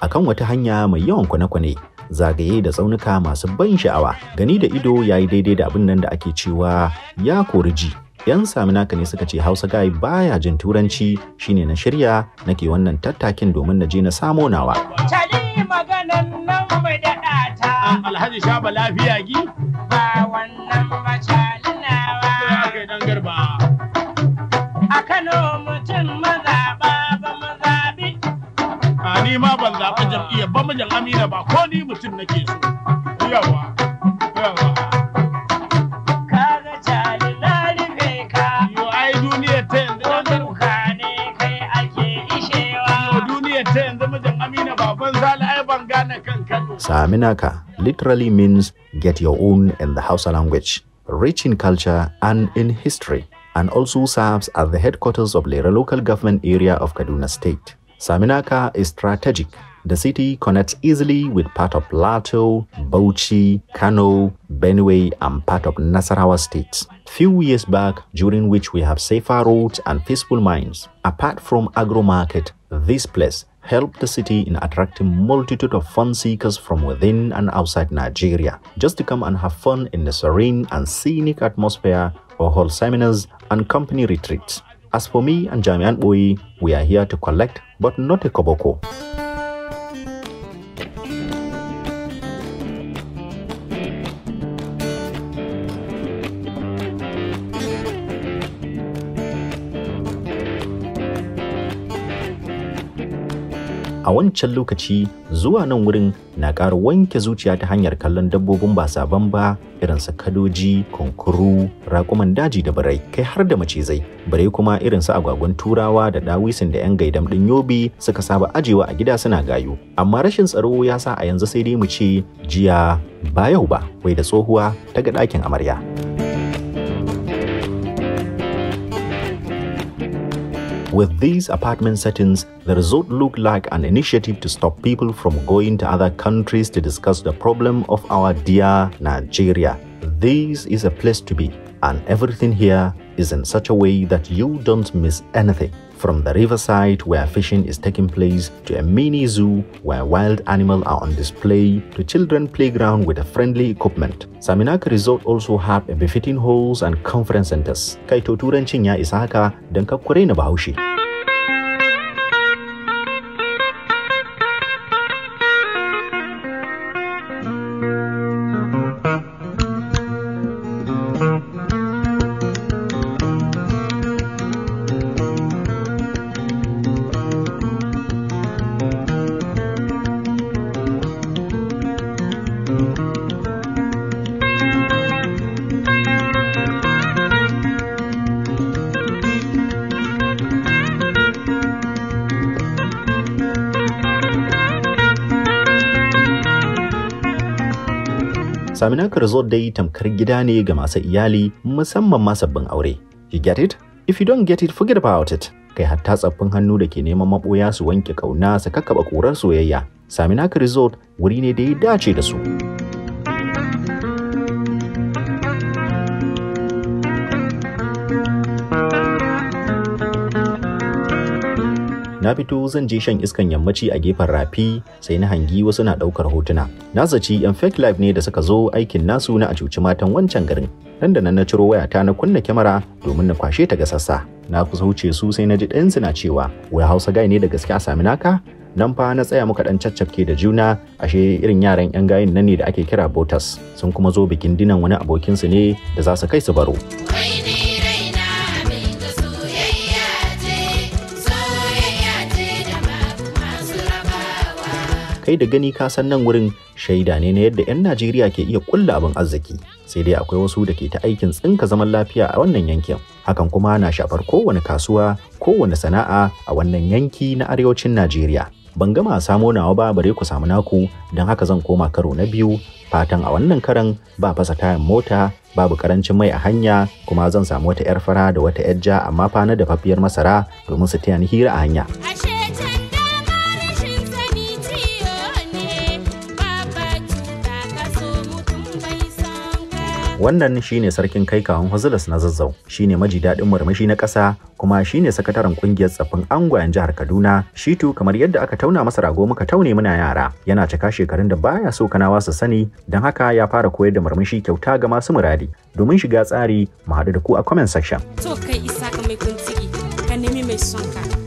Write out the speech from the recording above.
Akan wata hanya mai yawan kwane-kwane zagaye da tsaunuka masu ban sha'awa gani da ido ya yi daidai da abin nan da ake cewa ya kori ji. 'Yan sami naka ne suka ce Hausa gai baya jin turanci shine na shirya nake wannan tattakin domin na je na samo nawa. Kano ni ma ban zaɓa jam'iyyar ba mijin amina ba ko ni mutum nake so yawa yawa Saminaka literally means get your own in the Hausa language, rich in culture and in history, and also serves as the headquarters of Lera local government area of Kaduna state. Saminaka is strategic. The city connects easily with part of Lato, Bauchi, Kano, Benue, and part of Nasarawa states. Few years back, during which we have safer roads and peaceful mines. Apart from agro market, this place helped the city in attracting multitude of fun seekers from within and outside Nigeria, just to come and have fun in the serene and scenic atmosphere for whole seminars and company retreats. As for me and Jamian Bui, we are here to collect but not a koboko. a wancan lokaci zuwa nan wurin na ƙara wanke zuciya ta hanyar kallon dabbobin ba sabon ba irin su kadoji kunkuru raƙuman daji da birai kai har da macizai birai kuma irin su agwagwan turawa da dawisin da 'yan gaidam ɗin yobi suka saba ajewa a gida suna gayu, amma rashin tsaro ya sa a yanzu sai dai mu ce jiya ba yau ba wai da tsohuwa ta ga ɗakin amarya With these apartment settings, the resort looked like an initiative to stop people from going to other countries to discuss the problem of our dear Nigeria. This is a place to be, and everything here is in such a way that you don't miss anything. From the riverside where fishing is taking place to a mini zoo where wild animals are on display to children playground with a friendly equipment. Saminaka Resort also have a befitting halls and conference centers. Kaito Turen chinya ya Denka haka don Saminaka Resort dai tamkar gida ne ga masu iyali musamman ma sabbin aure. You get it? If you don't get it, forget about it. Kai hatta tsaffin hannu da ke neman maɓoya su wanke ƙauna su kakaɓa ƙurar soyayya. Saminaka Resort wuri ne da ya dace da su. na fito zan je shan iskan yammaci a gefen rafi sai na hangi wasu na ɗaukar hotuna na zaci yan fake live ne da suka zo aikin nasu na a cuci matan wancan garin nan da nan na ciro wayata na kunna kyamara domin na kwashe ta ga sassa na kusa wuce su sai na ji ɗayansu na cewa wai hausa gai ne da gaske a sami naka nan fa na tsaya muka dan caccafke da juna ashe irin yaran yan gayin nan ne da ake kira botas sun kuma zo bikin dinan wani abokinsu ne da za su kai su baro. kai da gani ka san nan wurin shaida ne na yadda 'yan Najeriya ke iya kulla abin arziki sai dai akwai wasu da ke ta aikin tsinka zaman lafiya a wannan yankin hakan kuma na shafar kowane kasuwa kowane sana'a a wannan yanki na arewacin Najeriya ban gama samo nawa ba bare ku samu naku don haka zan koma karo na biyu fatan a wannan karan ba fasa tayan mota babu karancin mai a hanya kuma zan samu wata 'yar fara da wata 'yar ja amma fa na dafaffiyar masara domin su taya ni hira a hanya. Wannan shine sarkin kai kawun Huzulus na Zazzau, shine maji daɗin murmushi na ƙasa kuma shine sakataren ƙungiyar tsaffin angwayen jihar Kaduna, Shitu kamar yadda aka tauna masa rago muka taune muna yara, yana cika shekarun da baya so kanawa su sani, don haka ya fara koyar da murmushi kyauta ga masu muradi. Domin shiga tsari, mu haɗu da ku a comment section. To kai isa ka mai kuntigi, ka nemi mai son